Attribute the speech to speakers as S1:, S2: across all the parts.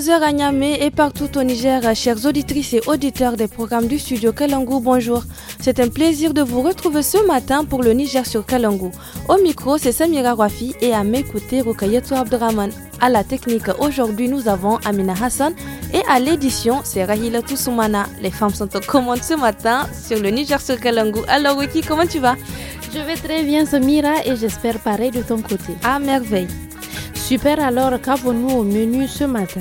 S1: 11 à Niamey et partout au Niger, chers auditrices et auditeurs des programmes du studio Kalangou, bonjour. C'est un plaisir de vous retrouver ce matin pour le Niger sur Kalangou. Au micro, c'est Samira Wafi et à mes côtés, Rukayetou Abdraman. À la technique, aujourd'hui, nous avons Amina Hassan et à l'édition, c'est Rahila Toussoumana. Les femmes sont en commande ce matin sur le Niger sur Kalangou. Alors, Wiki, comment tu vas Je vais très bien, Samira, et j'espère pareil de ton côté. À merveille. Super alors, qu'avons-nous au menu ce matin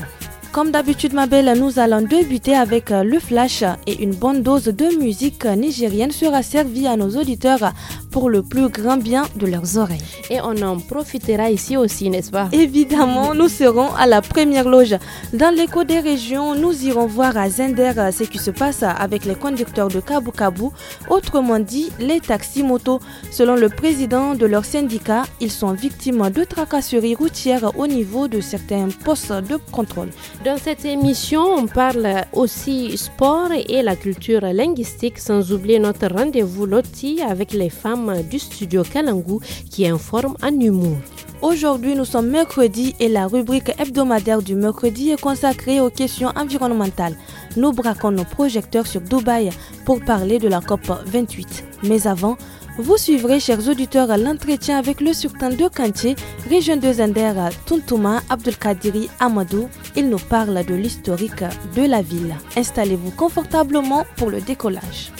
S1: comme d'habitude, ma belle, nous allons débuter avec euh, le flash et une bonne dose de musique nigérienne sera servie à nos auditeurs pour le plus grand bien de leurs oreilles. Et on en profitera ici aussi, n'est-ce pas Évidemment, nous serons à la première loge. Dans l'écho des régions, nous irons voir à Zender euh, ce qui se passe avec les conducteurs de Kabu Kabu, autrement dit les taxis motos. Selon le président de leur syndicat, ils sont victimes de tracasseries routières au niveau de certains postes de contrôle.
S2: Dans cette émission, on parle aussi sport et la culture linguistique, sans oublier notre rendez-vous loti avec les femmes du studio Kalangu qui informent
S1: en humour. Aujourd'hui, nous sommes mercredi et la rubrique hebdomadaire du mercredi est consacrée aux questions environnementales. Nous braquons nos projecteurs sur Dubaï pour parler de la COP 28. Mais avant, vous suivrez, chers auditeurs, l'entretien avec le sultan de Kantier, région de Zender, Tuntouma Abdelkadiri Amadou. Il nous parle de l'historique de la ville. Installez-vous confortablement pour le décollage.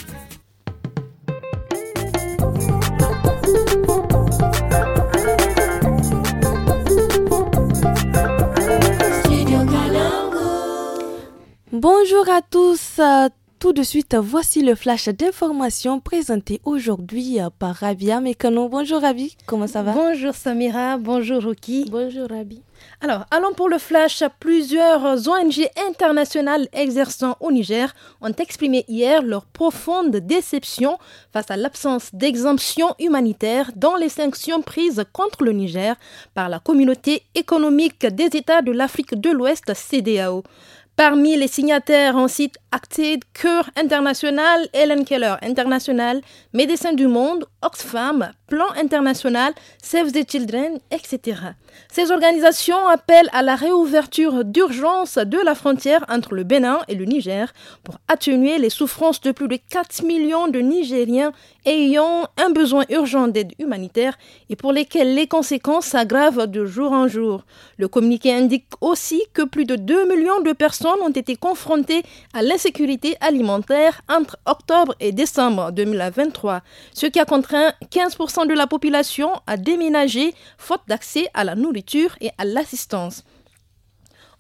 S1: Bonjour à tous, tout de suite, voici le flash d'information présenté aujourd'hui euh, par Rabia Mekano. Bonjour Rabi, comment ça va Bonjour
S3: Samira, bonjour Ruki. Bonjour Rabi. Alors, allons pour le flash. Plusieurs ONG internationales exerçant au Niger ont exprimé hier leur profonde déception face à l'absence d'exemption humanitaire dans les sanctions prises contre le Niger par la communauté économique des États de l'Afrique de l'Ouest, CDAO. Parmi les signataires, on cite Acted Cœur International, Helen Keller International, Médecins du Monde, Oxfam, Plan International, Save the Children, etc. Ces organisations appellent à la réouverture d'urgence de la frontière entre le Bénin et le Niger pour atténuer les souffrances de plus de 4 millions de Nigériens ayant un besoin urgent d'aide humanitaire et pour lesquels les conséquences s'aggravent de jour en jour. Le communiqué indique aussi que plus de 2 millions de personnes ont été confrontées à l'insécurité sécurité alimentaire entre octobre et décembre 2023, ce qui a contraint 15% de la population à déménager faute d'accès à la nourriture et à l'assistance.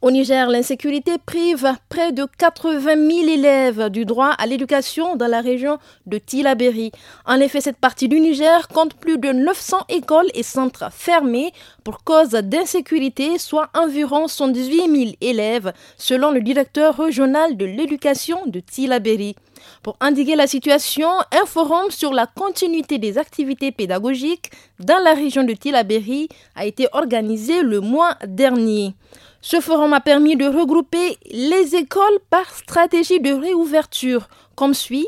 S3: Au Niger, l'insécurité prive près de 80 000 élèves du droit à l'éducation dans la région de Tilaberi. En effet, cette partie du Niger compte plus de 900 écoles et centres fermés pour cause d'insécurité, soit environ 118 000 élèves, selon le directeur régional de l'éducation de Tilaberi. Pour indiquer la situation, un forum sur la continuité des activités pédagogiques dans la région de Tilaberi a été organisé le mois dernier. Ce forum a permis de regrouper les écoles par stratégie de réouverture, comme suit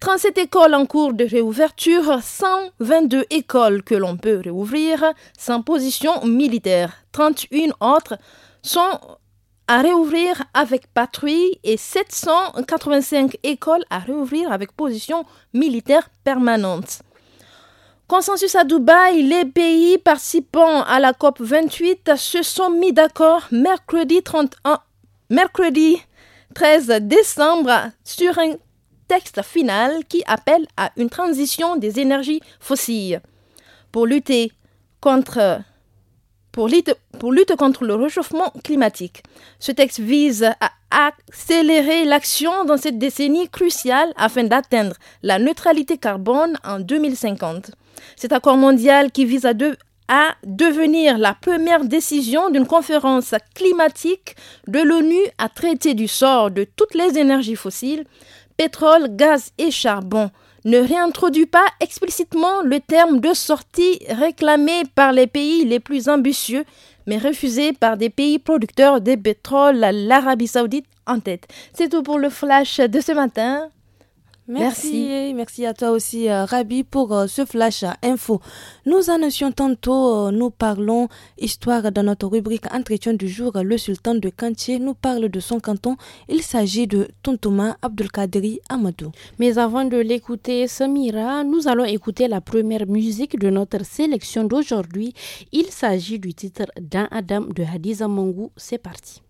S3: 37 écoles en cours de réouverture, 122 écoles que l'on peut réouvrir sans position militaire, 31 autres sont à réouvrir avec patrouille et 785 écoles à réouvrir avec position militaire permanente. Consensus à Dubaï, les pays participants à la COP 28 se sont mis d'accord mercredi 31, 13 décembre sur un texte final qui appelle à une transition des énergies fossiles pour lutter contre pour contre le réchauffement climatique. Ce texte vise à accélérer l'action dans cette décennie cruciale afin d'atteindre la neutralité carbone en 2050. Cet accord mondial qui vise à, devenir la première décision d'une conférence climatique de l'ONU à traiter du sort de toutes les énergies fossiles, pétrole, gaz et charbon, ne réintroduit pas explicitement le terme de sortie réclamé par les pays les plus ambitieux, mais refusé par des pays producteurs de pétrole, l'Arabie saoudite en tête. C'est tout pour le flash de ce matin. Merci.
S1: Merci. à toi aussi, euh, Rabi, pour euh, ce flash euh, info. Nous annonçons tantôt, nous parlons histoire dans notre rubrique Entretien du jour. Le sultan de Cantier nous parle de son canton. Il s'agit de Tontouma Abdelkadri Amadou. Mais avant de
S2: l'écouter, Samira, nous allons écouter la première musique de notre sélection d'aujourd'hui. Il s'agit du titre D'un Adam de Hadiza Mangou. C'est parti.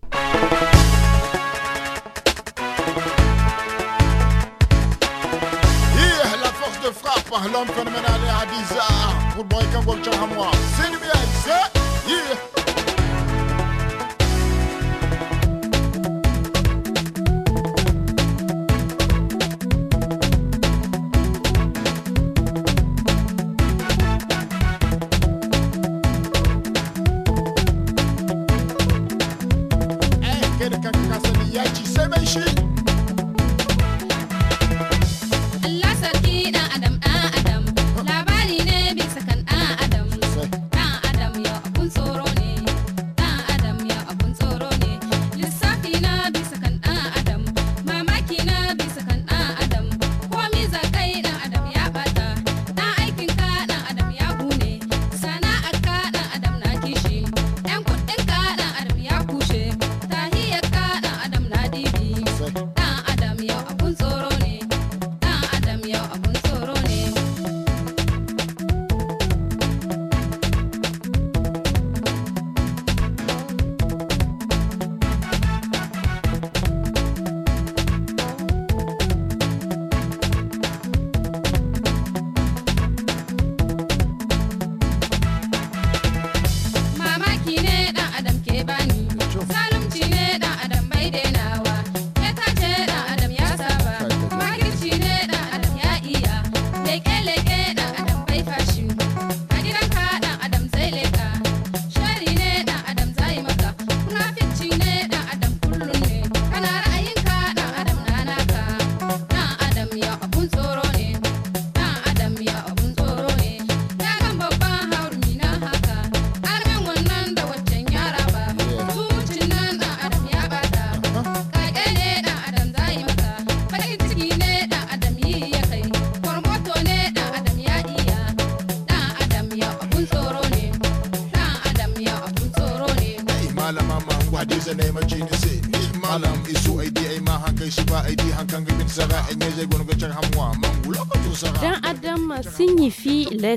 S4: frappe, l'homme phénoménal et à 10 pour le boy comme Walter moi. C'est lui,
S5: c'est.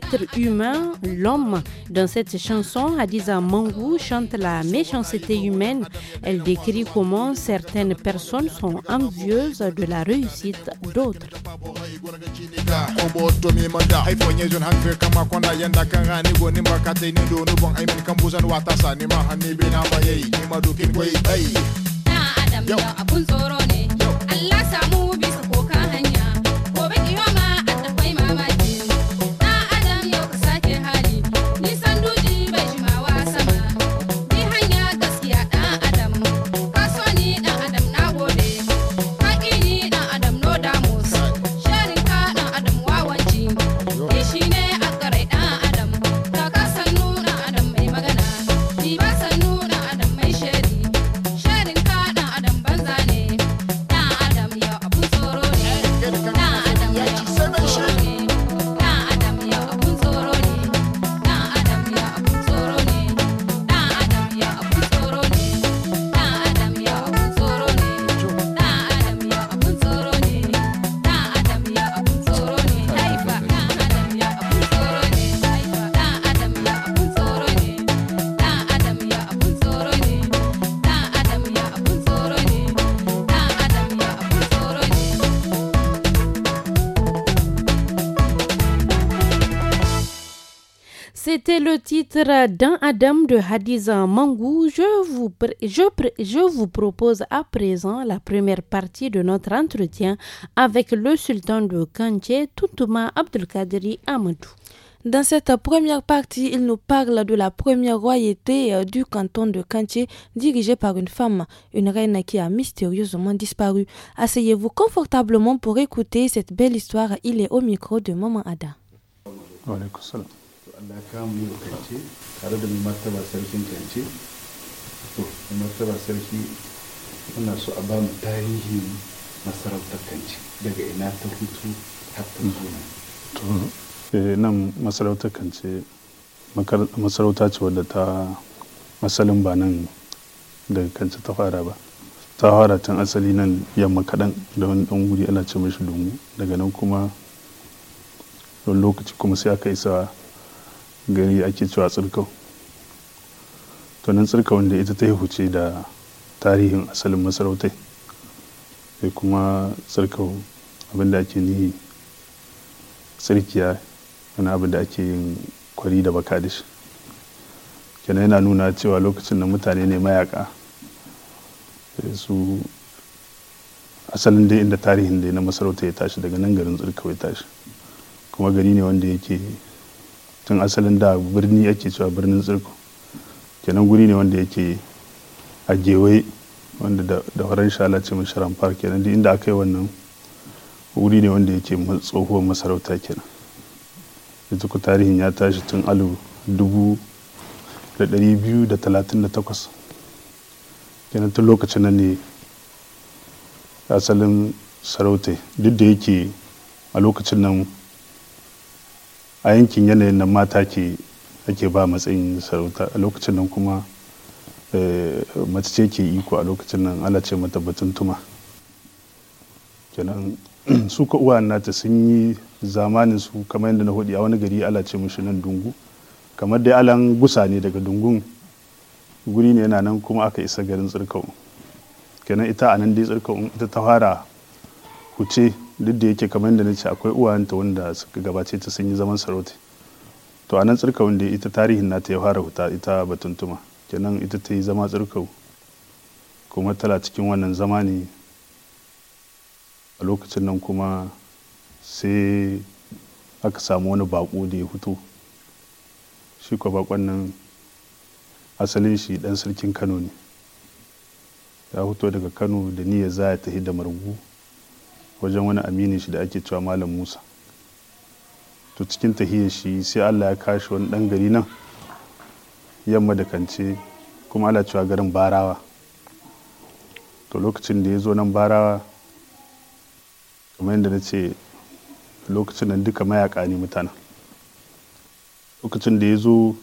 S2: l'être humain, l'homme. Dans cette chanson, Adiza Mangou chante la méchanceté humaine. Elle décrit comment certaines personnes sont envieuses de la réussite d'autres. Ah, C'était le titre d'un Adam de Hadiza Mangou. Je vous, je, vous propose à présent la première partie de notre entretien avec le sultan de Kanché,
S1: Toutouma Abdelkadri Amadou. Dans cette première partie, il nous parle de la première royauté euh, du canton de Kanché, dirigée par une femme, une reine qui a mystérieusement disparu. Asseyez-vous confortablement pour écouter cette belle histoire. Il est au micro de Maman Ada.
S6: Allah ka mu kance tare da martaba sarkin kance to martaba sarki muna so a ba mu tarihin masarautar kance daga ina ta hutu har ta zuwa to eh, nan masarautar kance masarauta ce wadda ta masalin ba nan daga kance ta fara ba ta fara tun asali nan yamma kaɗan da wani ɗan wuri ana ce mashi domin daga nan kuma wani lokaci kuma sai aka isa gari ake cewa tsirkau to nan tsirka wanda ita ta huce da tarihin asalin masarautai sai kuma tsirkau abinda ake nihi tsirkiya wani abu da ake yin kwari da baka da shi kenan yana nuna cewa lokacin da mutane ne mayaka su asalin dai inda tarihin dai na masarauta ya tashi daga nan garin tsirkau ya tashi kuma gari ne wanda yake tun asalin da birni ake cewa birnin tsirko kenan guri ne wanda yake a gewaye wanda da horon shala ce mun shara park kenan duk inda aka yi wannan guri ne wanda yake tsohuwar masarauta kenan yanzu ku tarihin ya tashi tun alu dubu da dari biyu da talatin da takwas kenan tun lokacin nan ne asalin sarauta duk da yake a lokacin nan a yankin yanayin nan mata ke ake ba matsayin sarauta a lokacin nan kuma eh, mace ce ke iko a lokacin nan ala ce mata batun tuma kenan su ka uwa nata sun yi zamanin su kamar yadda na hudu a wani gari ala ce mushi nan dungu kamar dai alan gusa ne daga dungun guri ne yana nan kuma aka isa garin tsirkau kenan ita a nan dai tsirkau ita ta fara huce duk da yake kamar yadda na ce akwai uwayenta wanda suka gabace ta sun yi zaman sarauta to a nan tsirka wanda ita tarihin nata ya fara huta ita batuntuma kenan ita ta yi zama tsirkau kuma tala cikin wannan zama ne a lokacin nan kuma sai aka samu wani baƙo da ya fito shi kwa bakon nan asalin shi dan sarkin kano ne ya fito daga kano da ni ya za ta tafi da margu wajen wani aminin shi da ake cewa malam musa to cikin tahiyar shi sai allah ya kashi wani ɗan gari nan yamma da kance kuma ala cewa garin barawa to lokacin da ya zo nan barawa kamar yadda na ce lokacin nan duka mayaka ne mutanen lokacin da ya zo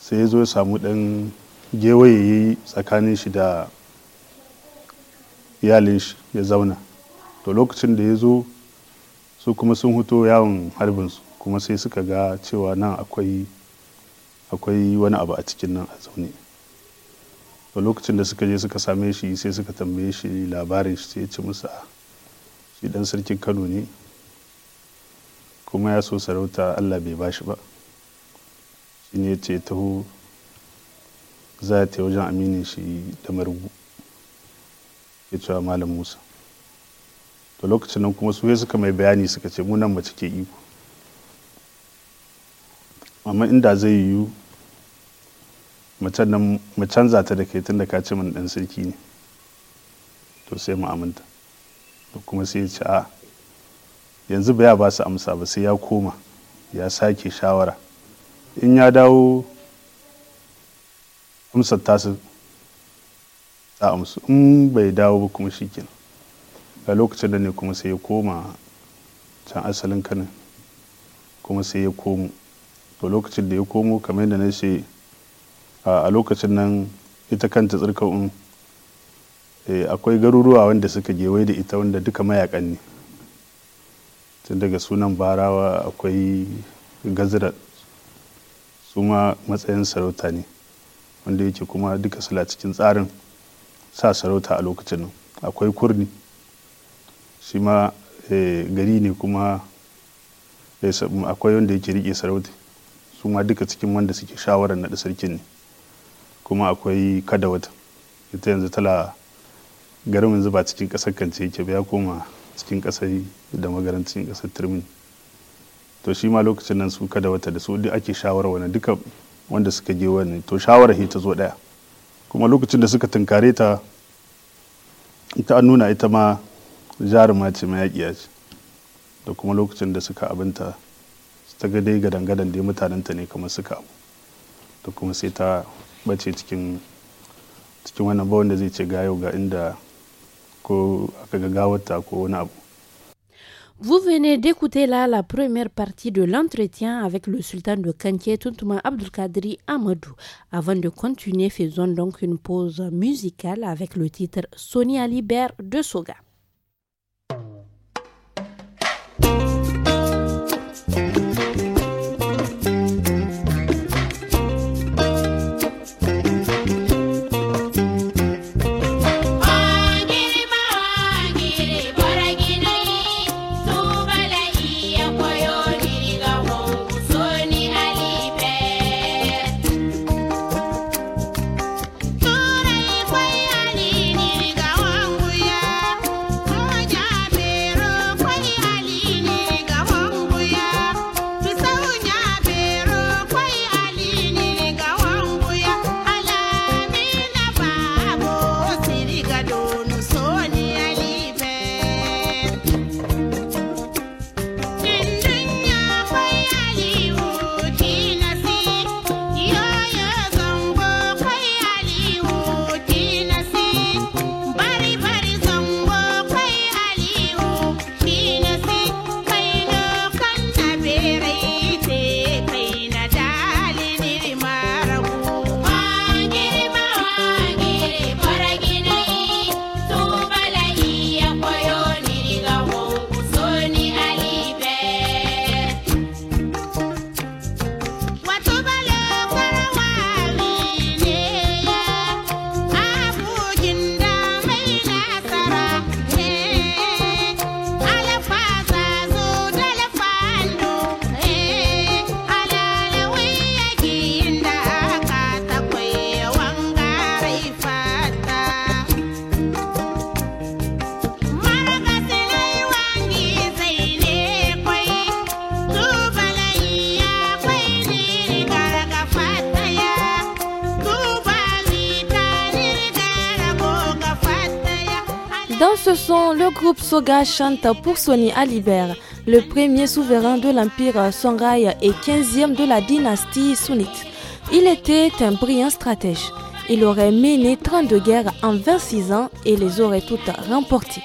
S6: sai ya zo ya samu ɗan gewaye tsakanin shi da iyalin shi ya zauna to lokacin da ya zo su kuma sun huto yawon harbinsu kuma sai suka ga cewa nan akwai wani abu a cikin nan a zaune to lokacin da suka je suka same shi sai suka tambaye shi labarin shi sai ya ci musa ah, shi dan sarkin kano ne kuma ya so sarauta allah bai ba shi ba shi ne ya ce taho za ta yi wajen aminin shi da marubu ya cewa malam musa to lokacin nan kuma su suka mai bayani suka ce mu nan mace ke iko amma inda zai yiwu mu canza ta da kai tun da ka ce mun dan sarki ne to sai mu aminta to kuma sai ya ce a yanzu ba ya ba su amsa ba sai ya koma ya sake shawara in ya dawo amsar tasu ta amsu in bai dawo ba kuma shi kenan a lokacin da ne kuma sai ya koma can asalin kanin kuma sai ya komo to lokacin da ya komo kamar da na ce a lokacin nan ita kanta tsirka'un eh, akwai garuruwa wanda suka gewaye da ita wanda duka mayakan ne tun daga sunan barawa akwai gazirar su ma matsayin sarauta ne wanda yake kuma duka sula cikin tsarin sa sarauta a lokacin nan akwai kurni shi ma eh, gari ne kuma eh, akwai wanda yake rike sarauta su ma duka cikin wanda suke shawarar naɗa sarkin ne kuma akwai wata ita yanzu tala garin yanzu ba cikin ƙasar kance yake ba ya koma cikin ƙasar da magarancin ƙasar turmin. to shi ma lokacin nan su kada wata da su duk ake shawara wani duka wanda suka je wani to shawara ta zo ɗaya kuma lokacin da suka tunkare ta ita an nuna ita ma jaruma ce mai mayaƙiya ce da kuma lokacin da suka abinta ta ga dai gadan-gadan dai mutanenta ne kamar suka abu da kuma sai ta bace cikin cikin wannan ba wanda zai ce ga yau ga inda ko aka ga gawarta ko wani abu
S2: Vous venez d'écouter là la première partie de l'entretien avec le sultan de Kanké, Tuntuma Abdulkadri Amadou. Avant de continuer, faisons donc une pause musicale avec le titre Sonia Libère de Soga.
S1: Le groupe Soga chante pour Sony Alibert, le premier souverain de l'empire Songhai et 15e de la dynastie sunnite. Il était un brillant stratège. Il aurait mené 32 guerres en 26 ans et les aurait toutes remportées.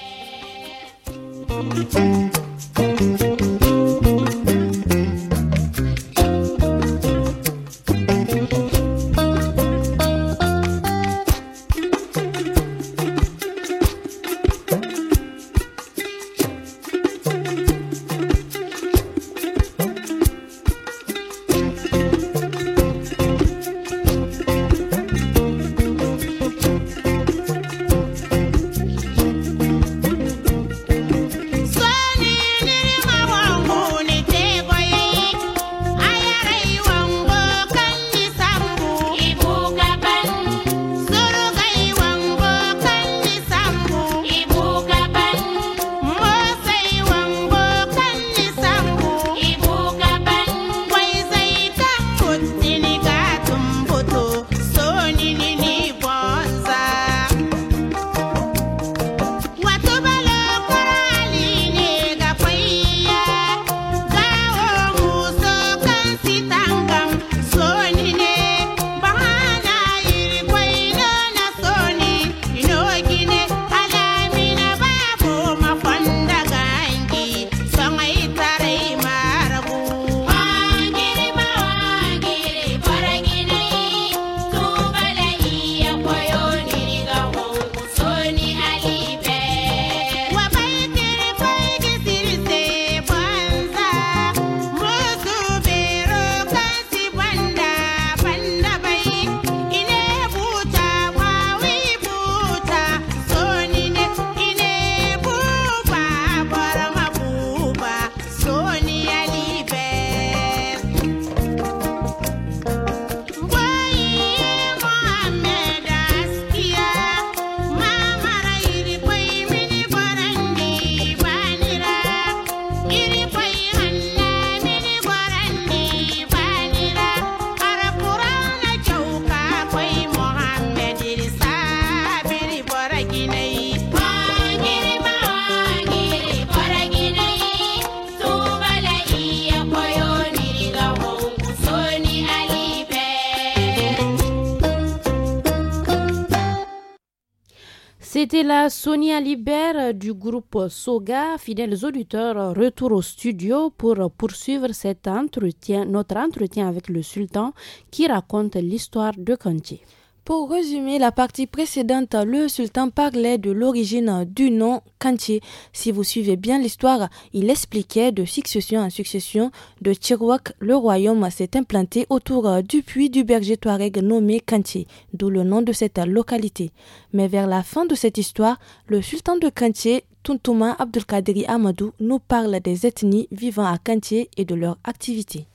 S2: la Sonia Libère du groupe Soga, fidèles auditeurs, retour au studio pour poursuivre cet entretien, notre entretien avec le sultan qui raconte
S1: l'histoire de Kanti. Pour résumer la partie précédente, le sultan parlait de l'origine du nom Kantier. Si vous suivez bien l'histoire, il expliquait de succession en succession de Tchirouak, le royaume s'est implanté autour euh, du puits du berger Touareg nommé Kantier, d'où le nom de cette localité. Mais vers la fin de cette histoire, le sultan de Kantier, Tuntouma Abdulkaderi Amadou, nous parle des ethnies vivant à Kantier et de leur activité.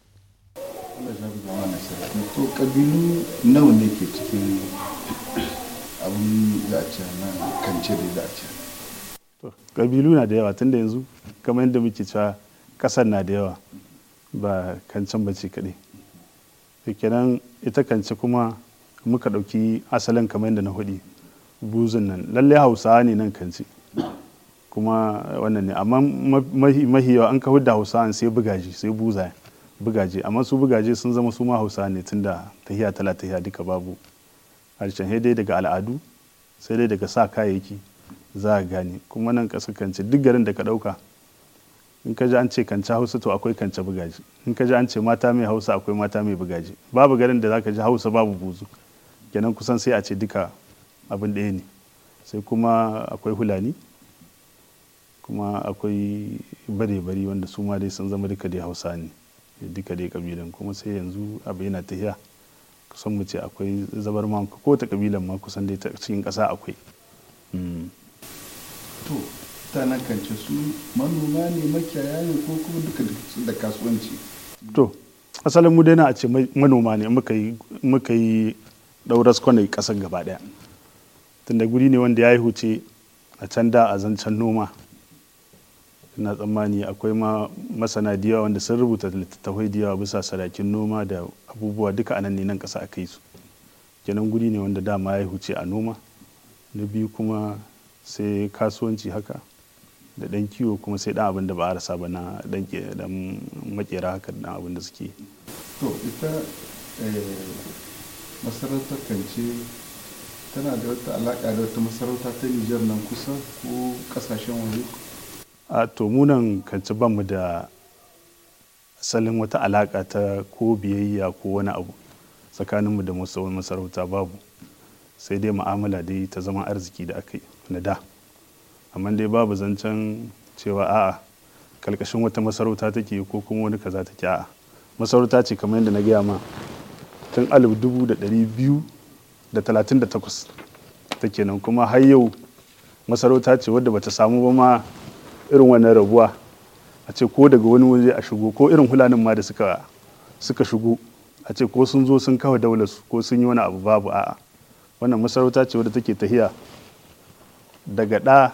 S6: to
S4: kabilu nawa ne ke cikin abin da a ce na kance
S6: da za a ce kabilu na da yawa tunda yanzu kamar yadda muke cewa kasar na da yawa ba kancan bace kaɗai kenan ita kance kuma muka ɗauki asalin kamar yadda na hudi buzun nan lallai hausawa ne nan kanci kuma wannan ne amma mahi yawa an ka hudda hausawa sai bugaji sai buza bugaje amma su bugaje sun zama su ma hausa ne tunda tahiya tala tahiya duka babu harshen dai daga al'adu sai dai daga sa kayayyaki za a gane kuma nan ƙasa kance duk garin da ka ɗauka in ka ji an ce kance hausa to akwai kance bugaje in ka ji an ce mata mai hausa akwai mata mai bugaje babu garin da za ka ji hausa babu buzu kenan kusan sai a ce duka abin ɗaya ne sai kuma akwai hulani kuma akwai bare-bari wanda su ma dai sun zama duka dai hausa ne duka dai kabilan kuma sai yanzu abu yana tahiya kusan mu ce akwai zabar ma ko ta kabilan ma kusan dai ta cikin ƙasa akwai hmm. to ta nan kance su manoma ne makiyaya ne ko kuma duka da kasuwanci to asalin mu dai na a ce manoma ne muka yi dauras kwanai kasar gaba daya tunda guri ne wanda ya yi huce a can da a zancen noma na tsammani akwai ma masana diyawa wanda sun rubuta littattafai diyawa bisa sadakin noma da abubuwa duka anan ne nan kasa a kai su kenan guri ne wanda dama ya huce a noma na biyu kuma sai kasuwanci haka da ɗan kiwo kuma sai ɗan abin da ba a rasa ba na dan makera haka da abin da suke
S4: to ita eh, masarautar kance tana da wata alaƙa da wata masarauta ta nijar
S6: nan kusa ko ƙasashen waje a to munan kanci mu da asalin wata alaƙa ta ko biyayya ko wani abu tsakaninmu da masarauta babu sai dai mu'amala dai ta zama arziki da aka yi na da amma dai babu zancen cewa a'a kalkashin wata masarauta take ko kuma wani kaza take a'a masarauta ce kamar yadda na gaya ma tun 2238 take nan kuma har yau masarauta ce wadda bata samu ba ma irin wannan rabuwa a ce ko daga wani waje a shigo ko irin hulanin ma da suka suka shigo a ce ko sun zo sun kawo daular ko sun yi wani abu babu a'a wannan masarauta ce wadda take tahiya daga ɗa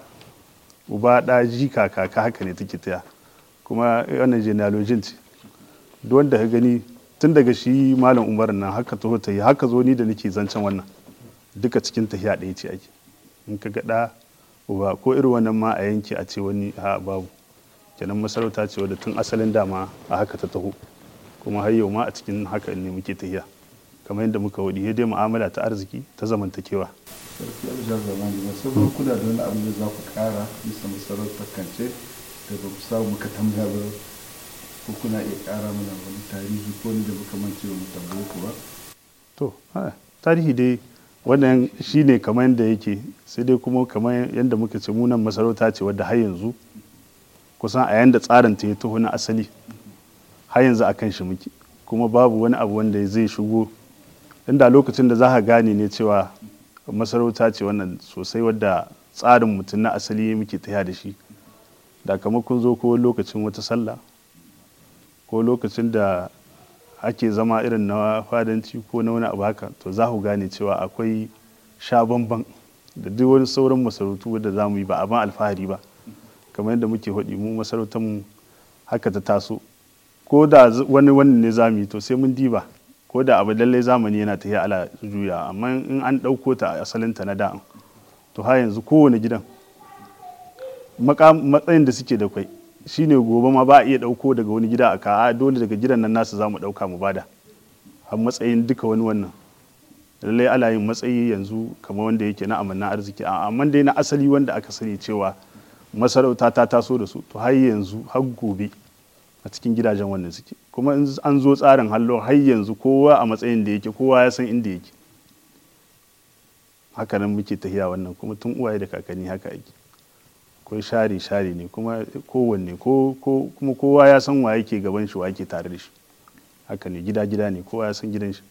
S6: uba ɗa ji kaka haka ne take tahiya kuma wannan genealogin ce duk wanda ka gani tun daga shi malam umar nan haka taho tahiya haka zo ni da nake zancen wannan duka cikin tahiya ɗaya ce ake in ka ga ɗa uba ko irin wannan ma a yanke a ce wani a babu kenan masarauta ce wadda tun asalin dama a haka ta taho kuma har yau ma a cikin haka ne muke tahiya kamar yadda muka wadi dai mu'amala ta arziki ta zamantakewa sarki abujar zamani ba kuna da wani abu da za ku kara bisa masarautar kance da ba ku samu muka tambaya ba ko kuna iya kara mana wani tarihi ko ni da muka mance ba mu tambaye ku ba to tarihi dai wannan shi ne kamar yadda yake sai dai kuma kamar yadda muka ce munan masarauta ce wadda har yanzu kusan a yanda tsarin ta ya taho na asali har yanzu a kan shi muke kuma babu wani abu wanda zai shigo inda lokacin da za ka gane ne cewa masarauta ce wannan sosai wadda tsarin mutum na asali muke taya da shi da kamar kun zo ko lokacin wata sallah ko lokacin da ake zama irin na fadanci ko na wani abu haka to za ku gane cewa akwai sha bamban da duk wani sauran masarautu da za mu yi ba abin alfahari ba kamar yadda muke haɗi mu masarautar mu haka ta taso ko da wani wani ne za mu yi to sai mun diba ko da abu lallai zamani yana tafiya ala juya amma in an ɗauko ta asalin ta na da'an to ha yanzu kowane gidan matsayin da suke da kwai shine gobe ma ba a iya dauko daga wani gida a dole daga gidan nan nasu za mu ɗauka mu bada a matsayin duka wani wannan lallai ala yin matsayi yanzu kamar wanda yake na amanna arziki amma dai na asali wanda aka sani cewa masarauta ta taso da su to har yanzu har gobe a cikin gidajen wannan suke kuma an zo tsarin hallo har yanzu kowa a matsayin da yake kowa ya san inda yake haka nan muke tahiya wannan kuma tun uwaye da kakanni haka ake akwai shari shari ne kuma kowanne ko kuma kowa ya san wa yake gaban shi wa yake tare da shi haka ne gida gida ne kowa ya san gidan shi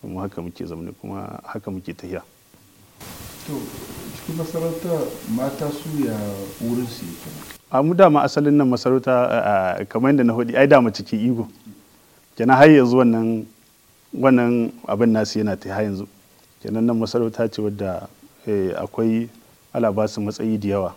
S6: kuma haka muke zaune kuma haka muke tafiya to cikin masarauta mata su ya wurin su a mu dama asalin nan masarauta kamar yadda na hudu ai dama ciki igo kena har yanzu wannan wannan abin nasu yana ta yanzu kenan nan masarauta ce wadda eh, akwai alabasu matsayi da yawa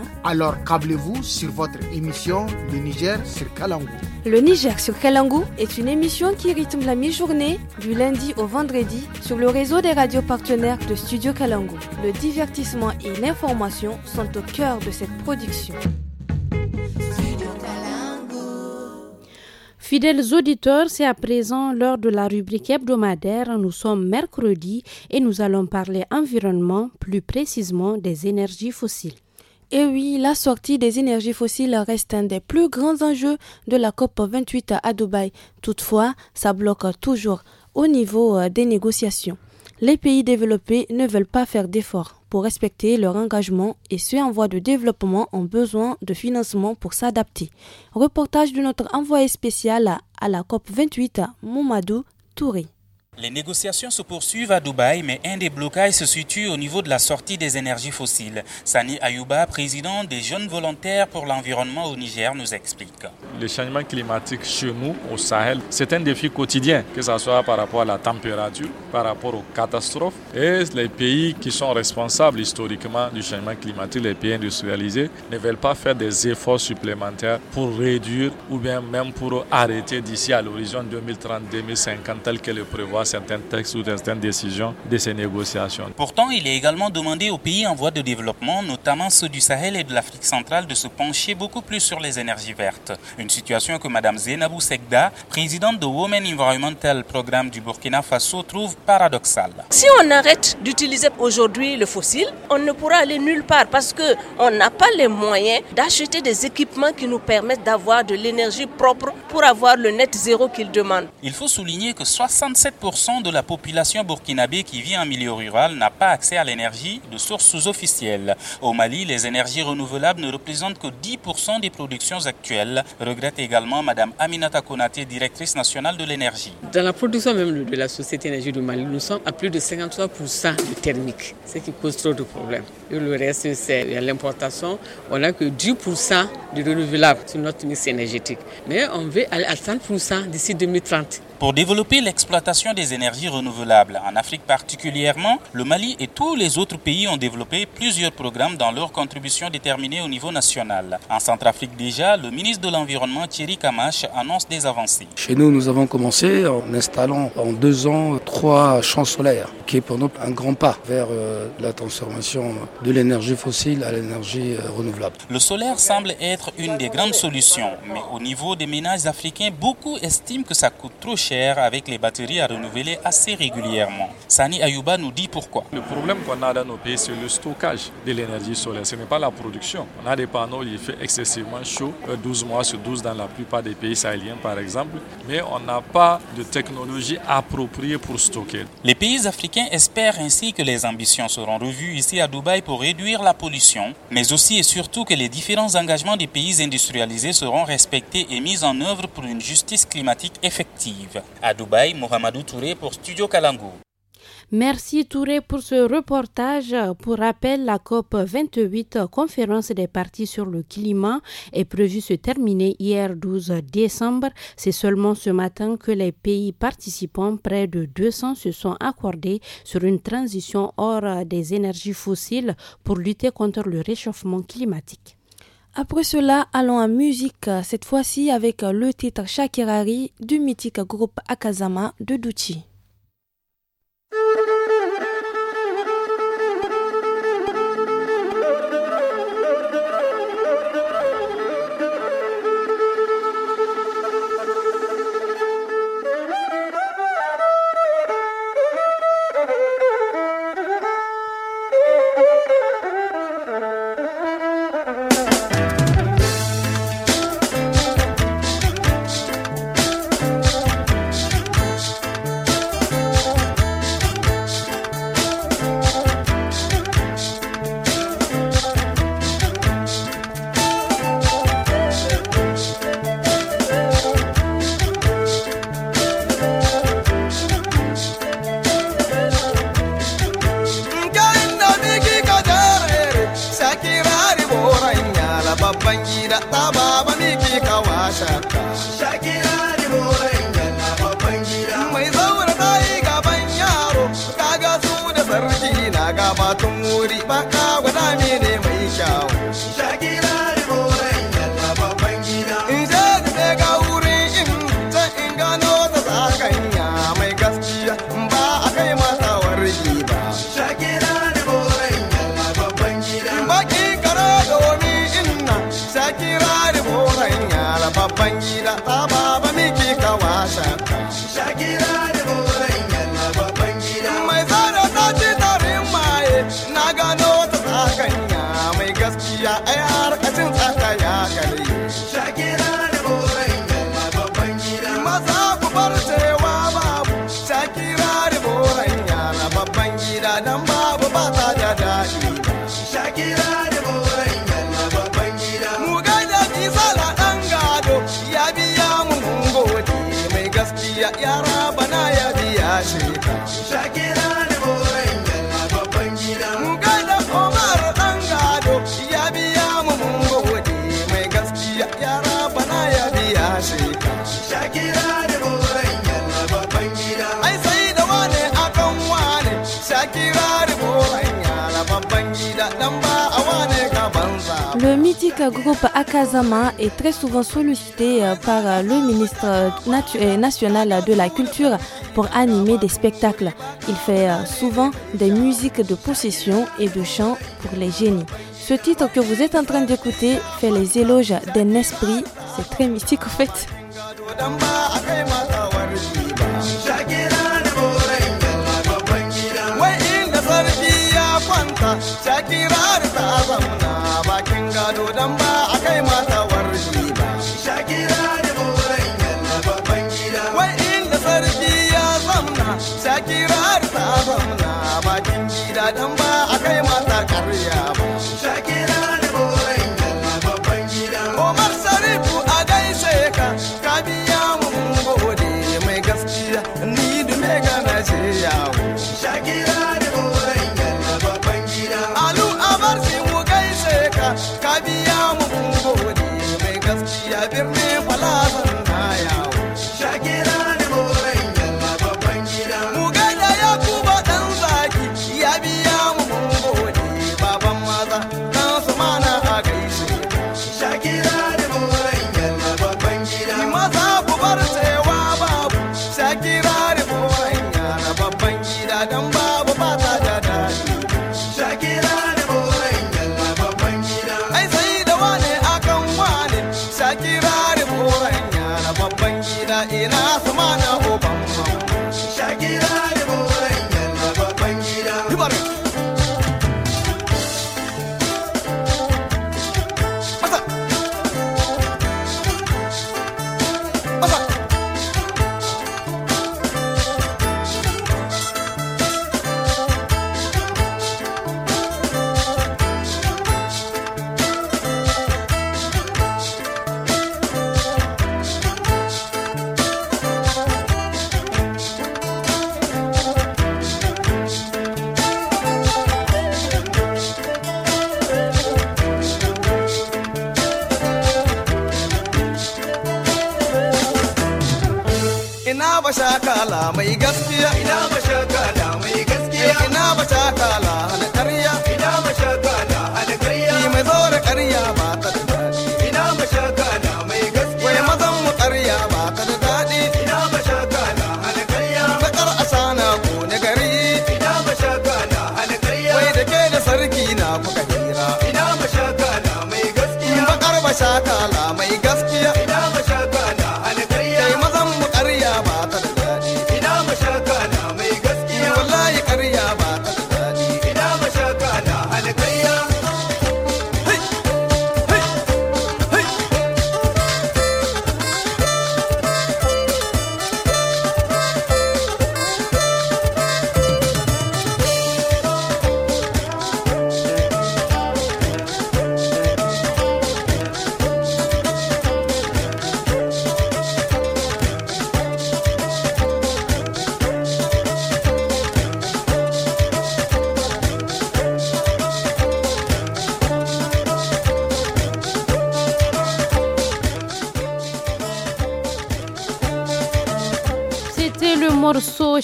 S7: alors câblez-vous sur votre émission Le Niger sur Kalangou.
S8: Le Niger
S1: sur Kalangou est une émission qui rythme la mi-journée du lundi au vendredi sur le réseau des radios partenaires de Studio Kalangou. Le divertissement et l'information sont au cœur de cette production.
S2: Fidèles auditeurs, c'est à présent l'heure de la rubrique hebdomadaire. Nous sommes mercredi et nous allons parler environnement, plus précisément des énergies fossiles. Et
S1: oui, la sortie des énergies fossiles reste un des plus grands enjeux de la COP28 à Dubaï. Toutefois, ça bloque toujours au niveau euh, des négociations. Les pays développés ne veulent pas faire d'efforts pour respecter leur engagement et ceux en voie de développement ont besoin de financement pour s'adapter. Reportage de notre envoyé spécial à la COP28, Momadou Touré.
S9: Les négociations se poursuivent à Dubaï, mais un des blocages se situe au niveau de la sortie des énergies fossiles. Sani Ayouba, président des Jeunes Volontaires pour l'Environnement au Niger, nous explique. Le changement climatique chez nous, au Sahel, c'est un défi quotidien, que ce soit par rapport à la température, par rapport aux catastrophes. Et les pays qui sont responsables historiquement du changement climatique, les pays industrialisés, ne veulent pas faire des efforts supplémentaires pour réduire ou bien même pour arrêter d'ici à l'horizon 2030-2050 tel que le prévoit certains textes ou certaines décisions de ces négociations. Pourtant, il est également demandé aux pays en voie de développement, notamment ceux du Sahel et de l'Afrique centrale, de se pencher beaucoup plus sur les énergies vertes. Une situation que Mme Zenabou Sekda, présidente de Women Environmental Programme du Burkina Faso, trouve paradoxale.
S10: Si on arrête d'utiliser aujourd'hui le fossile, on ne pourra aller nulle part parce qu'on n'a pas les moyens d'acheter des équipements qui nous permettent d'avoir de l'énergie propre pour avoir
S9: le net zéro qu'ils demandent. Il faut souligner que 67% de la population burkinabé qui vit en milieu rural n'a pas accès à l'énergie de sources officielles. Au Mali, les énergies renouvelables ne représentent que 10% des productions actuelles, regrette également Mme Aminata Konaté, directrice nationale de l'énergie.
S10: Dans la production même de la Société Énergie du Mali, nous sommes à plus de 53% de thermique, ce qui pose trop de problèmes. Et le reste, c'est l'importation.
S9: On n'a que 10% de renouvelables sur notre mix énergétique. Mais on veut aller à 30% d'ici 2030. Pour développer l'exploitation des énergies renouvelables, en Afrique particulièrement, le Mali et tous les autres pays ont développé plusieurs programmes dans leur contribution déterminée au niveau national. En Centrafrique déjà, le ministre de l'Environnement Thierry Kamache annonce des avancées.
S5: Chez nous, nous avons commencé en installant en deux ans trois champs solaires, qui est pour nous un grand pas vers euh, la transformation de l'énergie fossile à l'énergie euh,
S9: renouvelable. Le solaire semble être une des grandes solutions, mais au niveau des ménages africains, beaucoup estiment que ça coûte trop cher avec les batteries à renouveler assez régulièrement. Sani Ayuba nous dit pourquoi. Le problème qu'on a dans nos pays, c'est le stockage de l'énergie solaire. Ce n'est pas la production. On a des panneaux, il fait excessivement chaud, 12 euh, mois sur 12 dans la plupart des pays sahéliens par exemple, mais on n'a pas de technologie appropriée pour stocker. Les pays africains espèrent ainsi que les ambitions seront revues ici à Dubaï pour réduire la pollution, mais aussi et surtout que les différents engagements des pays industrialisés seront respectés et mis en œuvre pour une justice climatique effective. À Dubaï, Mohamedou Touré pour Studio Kalangou.
S2: Merci Touré pour ce reportage. Pour rappel, la COP 28, conférence des partis sur le climat, est prévue se terminer hier 12 décembre. C'est seulement ce matin que les pays participants, près de 200, se sont accordés sur une transition hors des énergies fossiles pour lutter contre le réchauffement climatique.
S1: Après cela, allons à musique, cette fois-ci avec le titre Shakirari du mythique groupe Akazama de Duchi. Le groupe Akazama est très souvent sollicité euh, par euh, le ministre euh, national de la Culture pour animer des spectacles. Il fait souvent des musiques de possession et de chant pour les génies. Ce titre que vous êtes en train d'écouter fait les éloges d'un esprit, c'est très mystique en fait.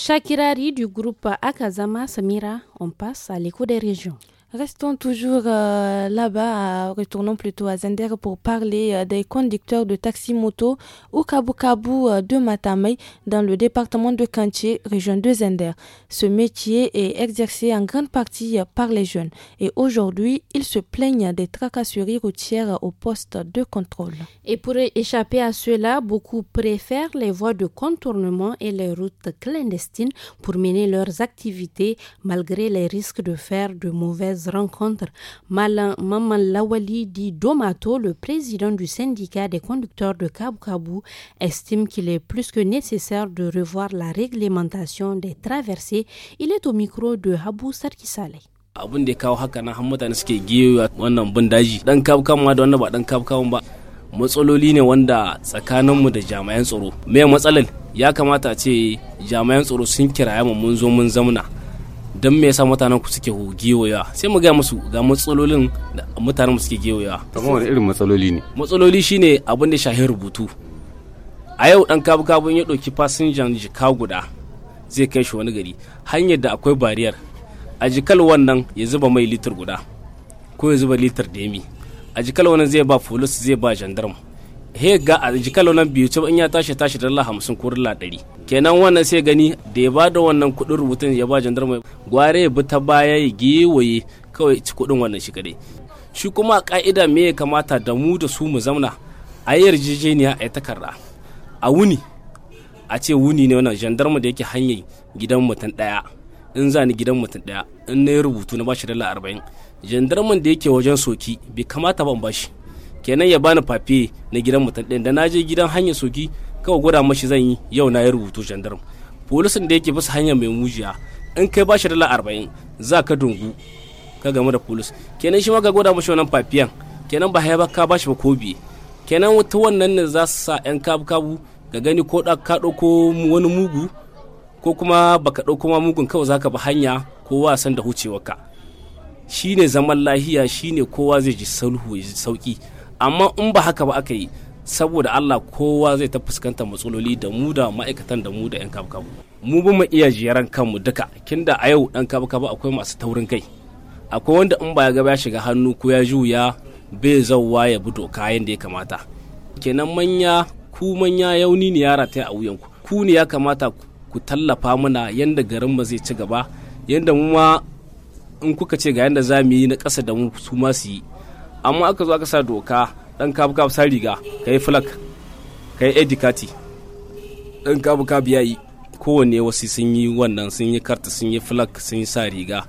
S2: Shakirari du groupe Akazama Samira, on passe à l'écho des régions.
S1: Restons toujours euh, là-bas, retournons plutôt à Zender pour parler euh, des conducteurs de taxi-moto au Kabou kabou euh, de Matamei dans le département de cantier région de Zender. Ce métier est exercé en grande partie par les jeunes et aujourd'hui, ils se plaignent des tracasseries routières au poste de contrôle.
S2: Et pour échapper à cela, beaucoup préfèrent les voies de contournement et les routes clandestines pour mener leurs activités malgré les risques de faire de mauvaises 16 rencontres. Maman Lawali dit Domato, le président du syndicat des conducteurs de Kabu Kabu, estime qu'il est plus que nécessaire de revoir la réglementation des traversées. Il est au micro de Habou Sarkisale.
S11: abin da ya kawo haka na mutane suke gewa wannan bin dan kabkan ma da wanda ba dan kabkama ba matsaloli ne wanda mu da jami'an tsaro me matsalan ya kamata ce jami'an tsaro sun kiraya mu mun zo mun zamna don me yasa mutanen ku suke gewaya sai mu ga musu ga matsalolin da mutanen mu suke gewaya kamar wani irin matsaloli ne matsaloli shine abin da shahin rubutu a yau dan kabu kabun ya ɗauki fasinjan jika guda zai kai shi wani gari hanyar da akwai bariyar a jikal wannan ya zuba mai litir guda ko ya zuba litir demi a jikal wannan zai ba polis zai ba gendarme he ga a jika nan biyu ta in ya tashi tashi dala hamsin ko dala ɗari kenan wannan sai gani da ya bada wannan kuɗin rubutun ya ba jandarma gware bi ta baya ya gewaye kawai ci kuɗin wannan shi kaɗai shi kuma ka'ida me ya kamata da mu da su mu zamna a yi yarjejeniya a yi takarda a wuni a ce wuni ne wannan jandarma da yake hanyar gidan mutum ɗaya in za ni gidan mutum ɗaya in na yi rubutu na ba shi dala arba'in jandarman da yake wajen soki bai kamata ban bashi kenan ya bani fafe na gidan mutum ɗin da na je gidan hanyar soki kawai gwada mashi zan yi yau na ya rubutu gendarme polisin da yake bisa hanyar mai mujiya in kai ba shi dala arba'in za ka dungu ka game da polis kenan shi ma ka gwada mashi wannan fafiyan kenan ba haifar ba ka ba shi ba ko biye kenan wata wannan ne za su sa 'yan kabu-kabu ga gani ko da ka ɗauko wani mugu ko kuma ba ka ɗauko ma mugun kawai za ka bi hanya ko wasan da hucewa ka. shine zaman lahiya shine kowa zai ji sulhu ya ji sauki amma in ba haka ba aka yi saboda Allah kowa zai ta fuskanta matsaloli da mu da ma'aikatan da mu da 'yan kabu kabu mu ba mu iya jiyaran kanmu duka kinda a yau dan kabu kabu akwai masu taurin kai akwai wanda in ba ya gaba ya shiga hannu ko ya juya bai zauwa ya bi doka yadda ya kamata kenan manya ku manya yauni ne yara ta a wuyan ku ku ne ya kamata ku tallafa mana yadda garin ma zai ci gaba yadda mu ma in kuka ce ga yadda za mu yi na ƙasa da mu su ma su yi amma aka zo aka sa doka dan kabu kabu sa riga ka yi flak ka yi edikati dan kabu kabu ya yi kowanne wasu sun yi wannan sun yi karta sun yi flak sun yi sa riga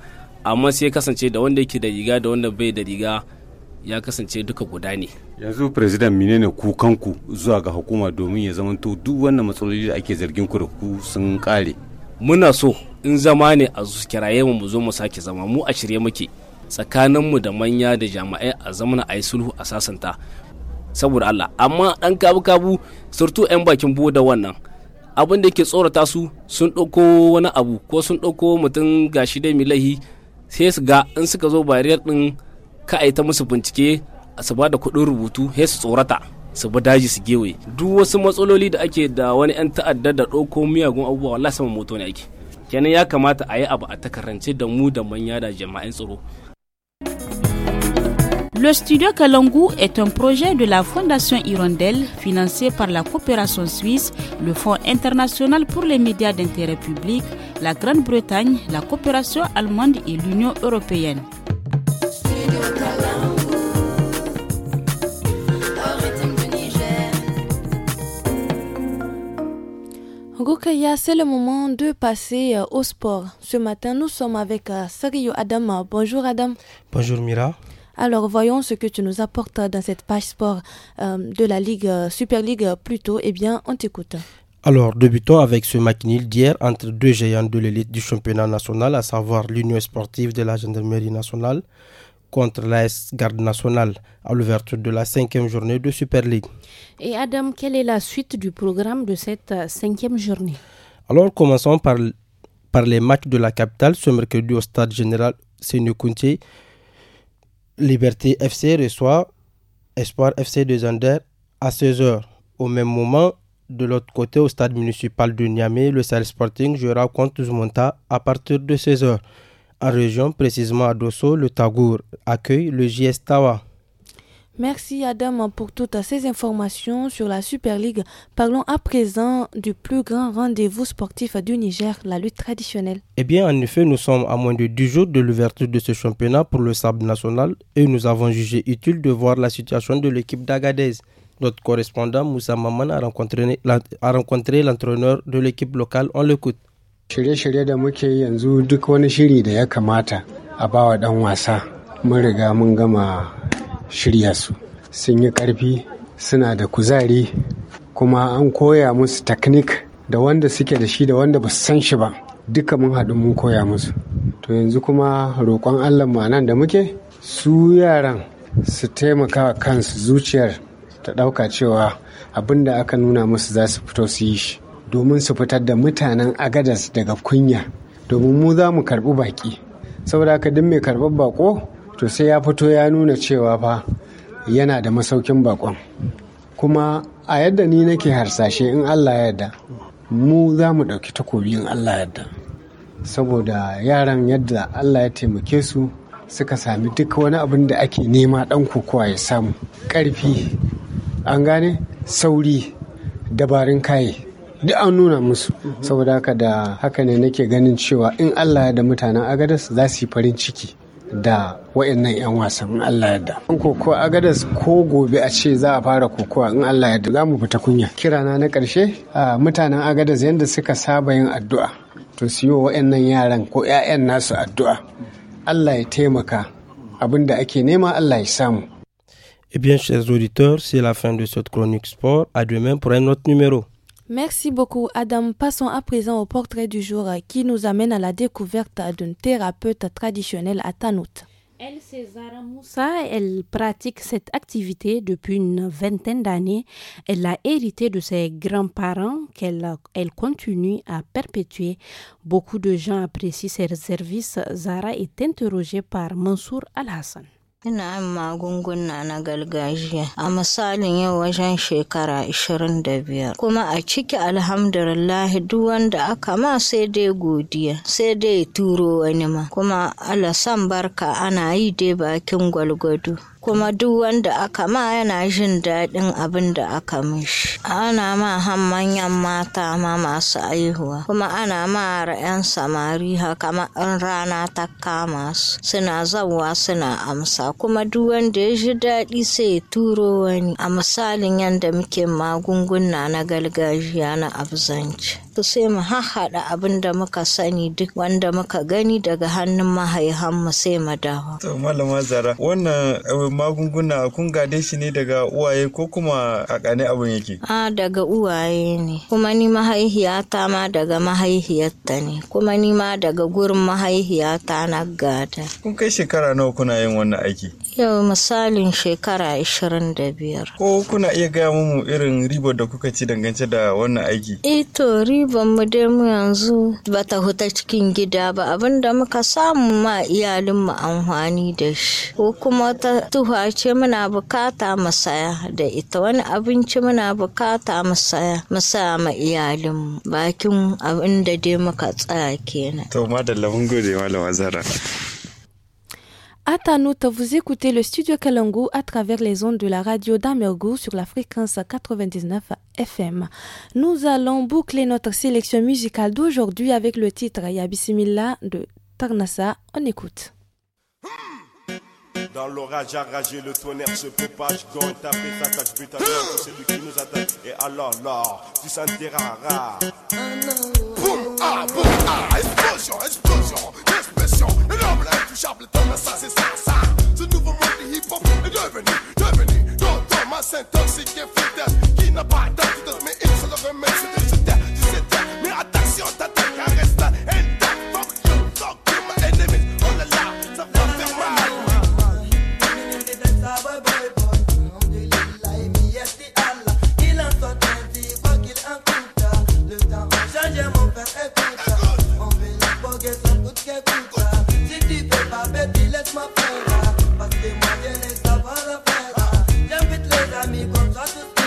S11: amma sai kasance da wanda yake da riga da wanda bai da riga ya kasance duka guda ne
S7: yanzu president menene kukanku zuwa ga hukuma domin ya zamanto duk wannan
S11: matsaloli da ake zargin ku da ku sun kare muna so in zama ne a kiraye mu zo mu sake zama mu a shirye muke tsakaninmu da manya da jama'ai a zamana a yi sulhu a sasanta saboda Allah amma ɗan kabu kabu surtu yan bakin da wannan abin da ke tsorata su sun ɗauko wani abu ko sun ɗauko mutum gashi dai milahi sai su ga in suka zo bariyar ɗin ka ta musu bincike su ba da kuɗin rubutu sai su tsorata su bi daji su gewe duk wasu matsaloli da ake da wani yan ta'adda da ɗauko miyagun abubuwa wallahi sama moto ne ake kenan ya kamata a yi abu a takarance da mu da manya da jama'in tsaro
S12: Le studio Kalangu est un projet de la Fondation Hirondelle financé par la coopération suisse, le Fonds international pour les médias d'intérêt public, la Grande-Bretagne, la coopération allemande et l'Union européenne.
S1: c'est le moment de passer euh, au sport. Ce matin, nous sommes avec euh, Adam. Bonjour Adam.
S8: Bonjour Mira.
S1: Alors voyons ce que tu nous apportes dans cette page sport euh, de la Ligue euh, Super League euh, plutôt. Eh bien, on t'écoute.
S8: Alors, débutons avec ce match d'hier entre deux géants de l'élite du championnat national, à savoir l'Union sportive de la gendarmerie nationale contre l'AS Garde nationale à l'ouverture de la cinquième journée de Super League.
S2: Et Adam, quelle est la suite du programme de cette cinquième journée
S8: Alors, commençons par, les matchs de la capitale ce mercredi au stade général Kunti. Liberté FC reçoit Espoir FC de Zander à 16h. Au même moment, de l'autre côté, au stade municipal de Niamey, le Sal Sporting jouera contre Zumonta à partir de 16h. En région, précisément à Dosso, le Tagour accueille le JS Tawa.
S1: Merci Adam pour toutes ces informations sur la Super League. Parlons à présent du plus grand rendez-vous sportif du Niger, la lutte traditionnelle.
S8: Eh bien, en effet, nous sommes à moins de 10 jours de l'ouverture de ce championnat pour le sable national et nous avons jugé utile de voir la situation de l'équipe d'Agadez. Notre correspondant Moussa Maman a rencontré l'entraîneur de l'équipe locale. On l'écoute.
S7: shirya su sun yi ƙarfi suna da kuzari kuma an koya musu taknik da wanda suke da shi da wanda ba san shi ba duka mun haɗu mun koya musu to yanzu kuma roƙon allah nan da muke su yaran su taimaka kansu zuciyar ta ɗauka cewa abin da aka nuna musu za su fito su yi shi domin su fitar da mutanen agadas daga kunya domin mu za mu karɓi baƙi saboda haka duk mai karɓar baƙo to sai ya fito ya nuna cewa fa yana da masaukin bakon kuma a yadda ni nake harsashe in allah yarda mu za mu ɗauki takobi in allah yadda saboda yaran yadda allah ya taimake su suka sami duk wani abin da ake nema ɗan kokowa ya samu karfi an gane sauri dabarun kaye duk an nuna musu saboda haka da haka ne nake ganin cewa in allah da mutanen agadas za su yi farin ciki da wa'annan 'yan wasan Allah yadda. An kokowa agadas ko gobe a ce za a fara kokowa in Allah yadda za mu fita kunya. Kirana na ƙarshe mutanen agadas yadda suka saba yin addu'a to su yi wa yaran ko 'ya'yan nasu addu'a. Allah ya taimaka abin da ake nema Allah ya samu. Eh
S8: bien, chers auditeurs, c'est la fin de cette chronique sport. À demain pour un autre numéro.
S7: Merci
S1: beaucoup Adam. Passons à présent au portrait du jour qui nous amène à la découverte d'une thérapeute traditionnelle à Tanout.
S2: Elle, Zara
S1: Moussa, elle pratique cette
S2: activité depuis une vingtaine d'années. Elle l'a hérité de ses grands-parents qu'elle continue à perpétuer. Beaucoup de gens apprécient ses services. Zara est interrogée par Mansour Al-Hassan.
S13: Ina yin magunguna na gargajiya a misalin yau wajen shekara da biyar kuma a ciki alhamdulillah duk wanda aka ma sai dai godiya sai dai turo wani ma kuma alasan barka ana yi dai bakin gwalgwado. kuma duk wanda aka ma yana jin daɗin abin da aka mishi ana ma han manyan mata ma masu aihuwa kuma ana ma ra'yan samari haka ma in rana ta kama su suna zawa suna amsa kuma duk wanda ya ji daɗi sai ya turo wani a misalin yadda muke magunguna na gargajiya na abzanci sai mu hahaɗa abin da muka sani duk wanda muka gani daga hannun mu sai mu dawo
S4: to malama zara wannan eh, magunguna kun gade shi ne daga uwaye ko kuma a kane abin yake
S13: a daga uwaye ne kuma ni mahaihiyata ma daga mahaihiyarta ne kuma ni ma daga gurin mahaihiyata na gada
S4: kun kai shekara nawa kuna yin wannan aiki
S13: yau misalin shekara 25
S4: ko kuna iya gaya mu irin ribar da kuka ci dangance da wannan aiki
S13: ito eh to ribar mu dai mu yanzu ba ta huta cikin gida ba abin da muka samu ma iyalin mu amfani da shi ko kuma ta tuha ce muna bukata mu saya da ita wani abinci muna bukata mu saya mu saya ma iyalin bakin abin da dai muka tsaya kenan
S4: to madalla mun gode malama
S1: Atanout, vous écoutez le studio Kalangu à travers les ondes de la radio d'Amergo sur la fréquence 99 FM. Nous allons boucler notre sélection musicale d'aujourd'hui avec le titre Yabissimila de Tarnassa. On écoute.
S6: Dans l'orage arragé, le tonnerre se propage. Gon, tapé, t'attaque, putain, c'est lui qui nous attaque. Et alors, là, tu sentiras rare.
S5: Boum, ah, boum, ah, explosion, explosion, explosion. révolution. Énorme l'intouchable, ton assassin, ça, ça. Ce nouveau monde du hip-hop est devenu, devenu. Dans Thomas intoxiqué, fidèle, qui n'a pas d'antidote, mais il se le remet. C'est de se taire, tu sais taire, mais attention, t'attaques, reste intact. pedirles más pena, Ya me traes a mi contrato.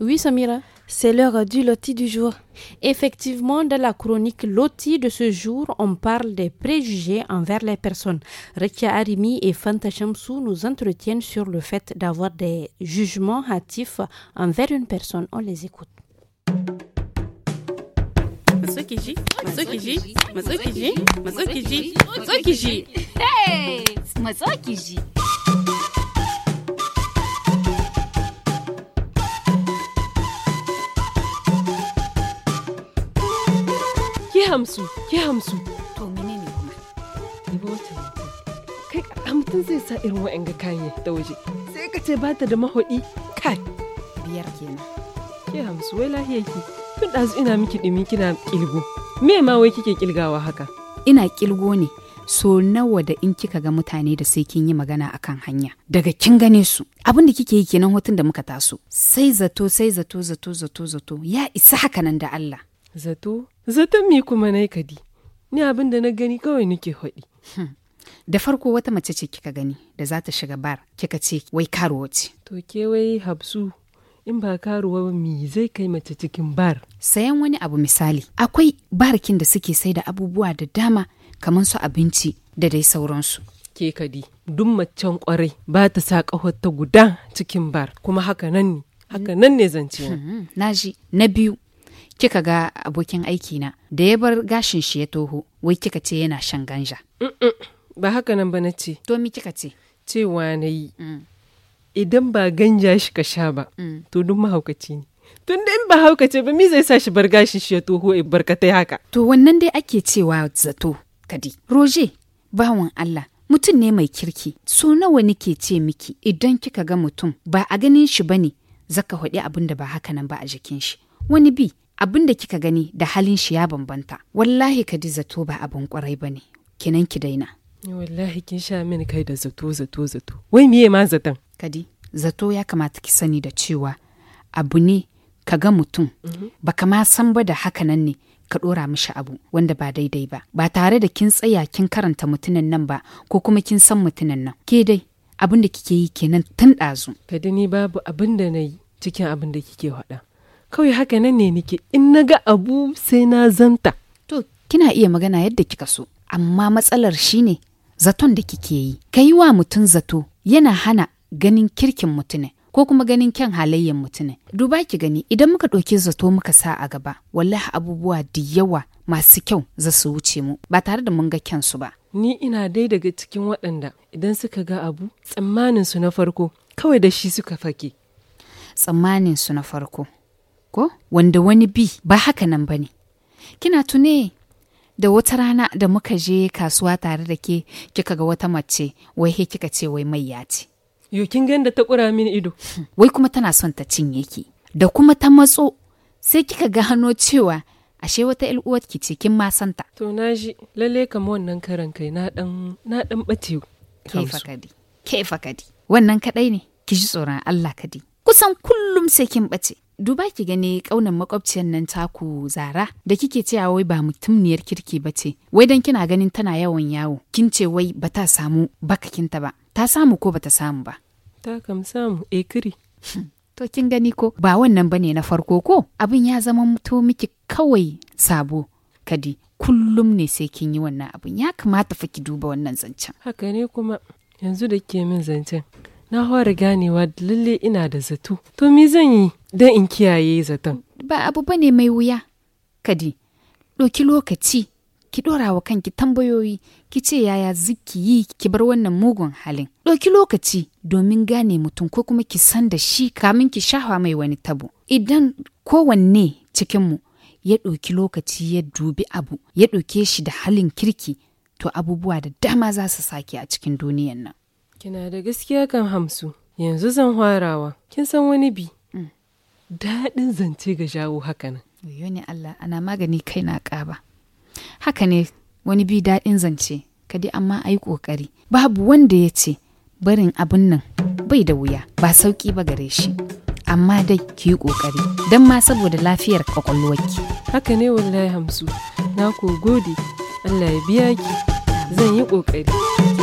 S1: Oui, Samira. C'est l'heure
S2: du loti du jour. Effectivement, dans la chronique loti de ce jour, on parle des préjugés envers les personnes. Rekia Arimi et Fanta Shamsou nous entretiennent sur le fait d'avoir des jugements hâtifs envers une personne. On les écoute.
S12: Hey
S10: hamsu ki hamsu to menene kuma riba wacce kai zai sa irin wa'in ga kayan ta waje sai ka ce ba ta da mahudi kai biyar kenan ke hamsu wai lahiya ki
S12: tun ɗazu ina miki ɗumi kina kilgo me ma wai kike kilgawa haka ina ƙilgo ne so nawa da in kika ga mutane da sai kin yi magana akan hanya daga kin gane su abin da kike yi kenan hotun da muka taso sai zato sai zato zato zato zato ya isa hakanan da Allah zato zaton mi kuma na kadi ni abin da na gani kawai nake haɗi hmm. da farko wata mace ce kika gani da za ta shiga bar kika ce wai karuwa ce to ke wai habsu in ba karuwa mi zai kai mace cikin bar sayan wani abu misali akwai barkin da suke sai da abubuwa da dama kamar su abinci da dai sauransu ke kadi duk macen kwarai ba ta sa ta guda cikin bar kuma haka nan ne haka hmm. nan ne zance na hmm, na biyu kika ga abokin aikina da ya bar gashin shi ya toho wai kika ce yana shan ganja.
S10: Ba haka nan ba na ce. To mi kika ce? Cewa na yi. Mm. Idan ba ganja shi ka sha ba, mm. to duk mahaukaci ne. Tun da in ba haukace ba mi zai sa shi bar gashin shi ya toho in barkatai haka. To wannan dai ake cewa
S12: zato kadi. Roje, bawan Allah, mutum ne mai kirki. So nawa nake ce miki idan kika ga mutum ba a ganin shi bane zaka hudi abin da ba haka nan ba a jikin shi. Wani bi abin da kika gani da halin shi ya bambanta wallahi ji zato ba abin kwarai ba ne kinan ki daina wallahi kin sha mini kai da zato zato zato wai miye ma zaton kadi zato ya kamata ki sani da cewa abu ne ka ga mutum mhm. ba ka ma san ba da haka nan ne ka ɗora mishi abu wanda ba daidai ba ba tare da kin tsaya kin karanta mutumin nan ba ko kuma kin san mutumin nan ke dai abin da kike yi kenan tun ɗazu. Kadi ni babu abin da na yi cikin abin da kike faɗa. kawai haka nan ne nike in na ga abu sai na zanta to kina iya magana yadda kika so amma matsalar shi ne zaton da kike yi kai wa mutum zato yana hana ganin kirkin mutune ko kuma ganin kyan halayyar mutum duba ki gani idan muka ɗauki zato muka sa a gaba wallahi abubuwa da yawa masu kyau za su wuce mu ba tare da mun ga kyansu ba
S10: ni ina dai daga cikin waɗanda idan suka ga abu tsammanin na farko
S12: kawai da shi suka fake tsammanin su na farko ko wanda wani bi ba haka nan ba ne kina tune da wata rana da muka je kasuwa tare da ke kika ga wata mace wai he kika ce wai mai ce yo kin da ta kura mini ido wai kuma tana son ta cinye ki da kuma ta matso sai kika ga hannu cewa ashe wata ƴar uwarki ce kin ma santa to na ji lalle kama wannan karan kai na ɗan na dan ke fakadi ke fakadi wannan kaɗai ne ki ji tsoron Allah kadi kusan kullum sai kin ɓace. Duba ki gani ƙaunar makwabciyar nan taku zara da kike cewa wai ba mutumniyar kirki ba ce, wai dan kina ganin tana yawan yawo, kin ce wai ba ta samu bakakinta ba, ta samu ko ba ta samu ba.
S10: Ta kam samu ekiri. Eh,
S12: to kin gani ko ba wannan bane na farko ko abin ya zama mutu miki kawai sabo kadi kullum ne sai kin yi wannan abin ya kamata fa ki duba wannan zancen. Haka ne kuma yanzu da ke min zancen na fara
S10: ganewa lalle ina da zato to me zan yi don in kiyaye zaton
S12: ba abu ba ne mai wuya kadi ɗauki lokaci ki ɗora wa kanki tambayoyi ki ce yaya ziki yi ki bar wannan mugun halin ɗauki lokaci domin gane mutum ko kuma ki san da shi kamin ki shafa mai wani tabo idan kowanne cikinmu ya ɗauki lokaci ya dubi abu ya ɗauke shi da halin kirki to abubuwa da dama za su sake a cikin duniyan nan Kina da gaskiya kan Hamsu,
S10: yanzu zan hwarawa,
S12: kin san wani bi. Mm.
S10: Daɗin zance ga jawo nan.
S12: Yo ne Allah, ana magani kai na ƙaba. Haka ne wani bi daɗin zance, kadi amma a yi ƙoƙari. Babu wanda ya ce, barin abin nan bai da wuya, ba sauƙi ba gare shi. Amma dai ki yi ƙoƙari, don ma saboda lafiyar ƙwaƙwalwarki. Haka ne wallahi Hamsu, na ko gode, Allah ya biya ki,
S10: zan yi ƙoƙari.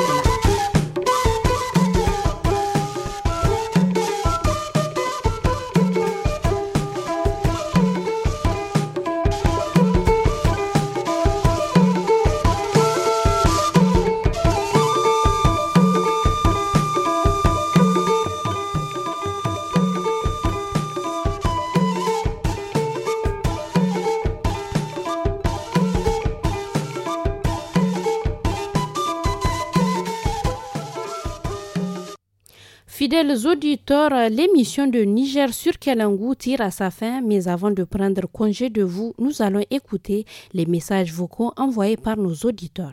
S2: auditeurs, l'émission de Niger sur Kalangu tire à sa fin, mais avant de prendre congé de vous, nous allons écouter les messages vocaux envoyés par nos auditeurs.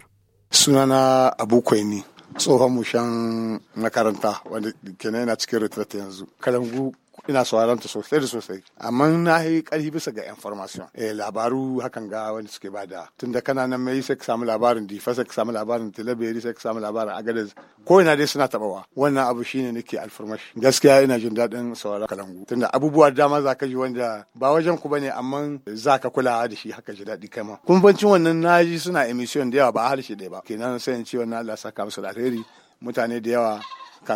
S6: ina sauraron ta sosai da sosai amma na yi ƙarfi bisa ga
S4: information eh labaru hakan ga wani suke bada tunda kana nan mai sai ka samu labarin difa sai ka
S6: samu labarin tilaberi sai ka samu labarin agadez ko ina dai suna tabawa wannan abu shine nake alfarmashi gaskiya ina jin daɗin sauraron kalangu tunda abubuwa dama za ka ji wanda ba wajen ku bane amma za ka kulawa da shi haka ji daɗi kai ma kuma bancin wannan naji suna emission da yawa ba harshe ɗaya ba kenan sai in ce wannan Allah saka musu alheri mutane da yawa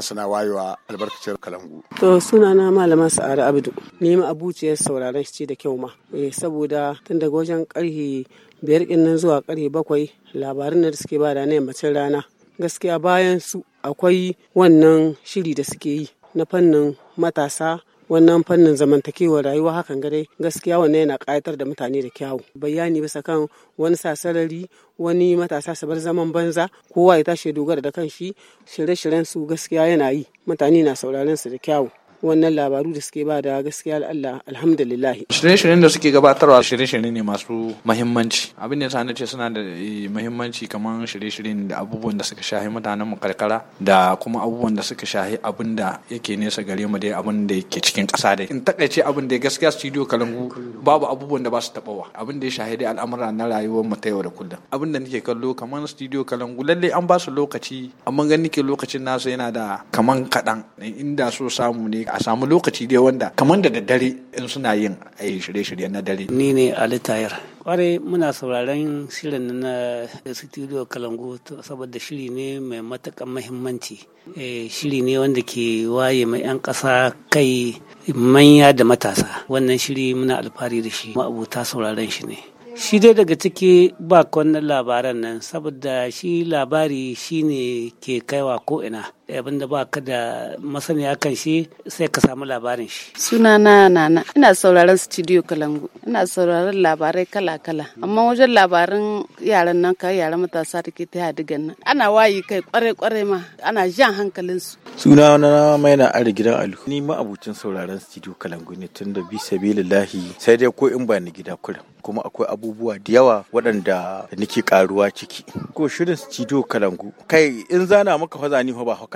S6: suna wayewa albarkacin
S7: kalangu. To suna na malama sa'ar abdu ni ma abuciyar sauraron shi da kyau ma eh, saboda tun daga wajen karhe biyar nan zuwa karhe bakwai labarin da suke bada na yammacin rana gaskiya bayan su akwai wannan shiri da suke yi na fannin matasa wannan fannin zamantakewar rayuwa hakan gadai gaskiya wannan yana ƙayatar da mutane da kyawu bayani bisa kan wani sasarari wani matasa su bar zaman banza kowa ya tashi dogara da kan shi shirye-shiryen su gaskiya yana yi mutane na sauraron su da kyawu wannan labaru da suke ba da gaskiya Allah alhamdulillah
S11: shirye-shiryen da suke gabatarwa shirye-shirye ne masu muhimmanci. abin da na ce suna da eh, muhimmanci kamar shirye-shiryen da abubuwan da suka shahi mutanen mu karkara da kuma abubuwan da suka shahi abin da yake nesa gare mu dai abin da yake cikin ƙasa dai in takaice abin da gaskiya studio kalangu babu abubuwan da ba su tabawa abin da ya shahi dai al'amura na rayuwar mu ta yau da kullum abin da nake kallo kamar studio kalangu lalle an ba su lokaci amma ganin ke lokacin nasu yana da kaman kaɗan eh, inda so samu ne a samu lokaci dai wanda kamar da daddare in suna yin a eh, shirye-shirye na dare. Ni ne Ali Tayar. Kwarai muna sauraron shirin na studio Kalangu saboda shiri ne mai matakan mahimmanci. Eh, shiri ne wanda ke waye mai 'yan ƙasa kai manya da matasa. Wannan shiri muna alfahari da shi ma'abuta sauraron shi ne. shi dai daga ciki ba kwanan labaran nan saboda shi labari shi ne ke kaiwa ko'ina Eh, abin da ba ka da masaniya kan shi sai ka samu labarin shi. Sunana
S2: nana ina sauraron studio Kalangu ina sauraron labarai kala-kala amma wajen labarin yaran nan ka yaran matasa da ke ta digan nan ana wayi kai kware-kware ma ana jan hankalin su.
S8: Sunana mai na ari gidan alu ni ma abucin sauraron studio Kalangu ne tun da bi sabilillahi sai dai ko in ba ni gida kuram kuma akwai abubuwa da yawa waɗanda nake karuwa ciki. Ko shirin studio Kalangu kai in zana maka fa zani ba ba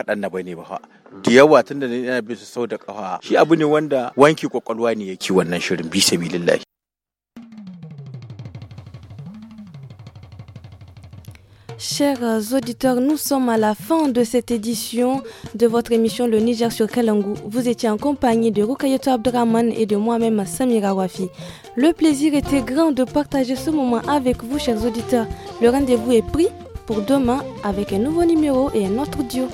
S1: Chers auditeurs, nous sommes à la fin de cette édition de votre émission Le Niger sur Kalangu. Vous étiez en compagnie de Rukayoto Abdraman et de moi-même Samira Wafi. Le plaisir était grand de partager ce moment avec vous, chers auditeurs. Le rendez-vous est pris pour demain avec un nouveau numéro et un autre duo.